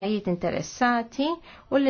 partijiet interessati u li